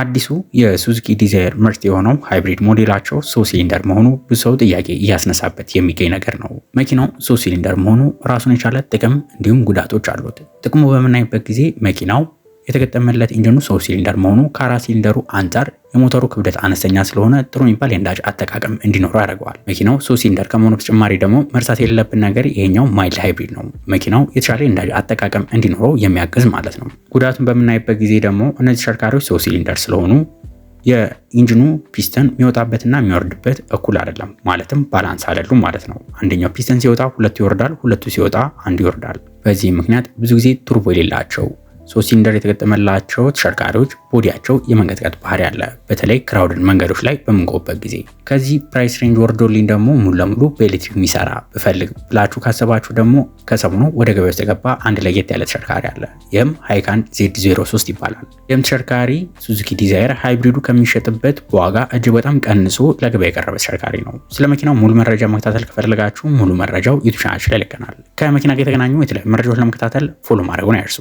አዲሱ የሱዙኪ ዲዛየር ምርት የሆነው ሃይብሪድ ሞዴላቸው ሶስት ሲሊንደር መሆኑ ብዙ ሰው ጥያቄ እያስነሳበት የሚገኝ ነገር ነው። መኪናው ሶስት ሲሊንደር መሆኑ ራሱን የቻለ ጥቅም እንዲሁም ጉዳቶች አሉት። ጥቅሙ በምናይበት ጊዜ መኪናው የተገጠመለት ኢንጂኑ ሶስት ሲሊንደር መሆኑ ከአራት ሲሊንደሩ አንጻር የሞተሩ ክብደት አነስተኛ ስለሆነ ጥሩ የሚባል የነዳጅ አጠቃቀም እንዲኖረው ያደርገዋል። መኪናው ሶስት ሲሊንደር ከመሆኑ በተጨማሪ ደግሞ መርሳት የሌለብን ነገር ይሄኛው ማይልድ ሃይብሪድ ነው። መኪናው የተሻለ የነዳጅ አጠቃቀም እንዲኖረው የሚያግዝ ማለት ነው። ጉዳቱን በምናይበት ጊዜ ደግሞ እነዚህ ተሽከርካሪዎች ሶስት ሲሊንደር ስለሆኑ የኢንጂኑ ፒስተን የሚወጣበትና የሚወርድበት እኩል አይደለም። ማለትም ባላንስ አይደሉም ማለት ነው። አንደኛው ፒስተን ሲወጣ ሁለቱ ይወርዳል፣ ሁለቱ ሲወጣ አንዱ ይወርዳል። በዚህ ምክንያት ብዙ ጊዜ ቱርቦ የሌላቸው ሶስት ሲሊንደር የተገጠመላቸው ተሽከርካሪዎች ቦዲያቸው የመንቀጥቀጥ ባህሪ አለ፣ በተለይ ክራውድን መንገዶች ላይ በምንቆበት ጊዜ። ከዚህ ፕራይስ ሬንጅ ወርዶልኝ ደግሞ ሙሉ ለሙሉ በኤሌክትሪክ የሚሰራ ብፈልግ ብላችሁ ካሰባችሁ ደግሞ ከሰሞኑ ወደ ገበያ ተገባ አንድ ለየት ያለ ተሽከርካሪ አለ። ይህም ሃይካን ዜድ 03 ይባላል። ይህም ተሽከርካሪ ሱዙኪ ዲዛይር ሃይብሪዱ ከሚሸጥበት በዋጋ እጅግ በጣም ቀንሶ ለገበያ የቀረበ ተሽከርካሪ ነው። ስለ መኪናው ሙሉ መረጃ መከታተል ከፈለጋችሁ ሙሉ መረጃው ዩቱብ ቻናላችን ላይ ልከናል። ከመኪና ጋር የተገናኙ የተለያዩ መረጃዎች ለመከታተል ፎሎ ማድረጉን አይርሱ።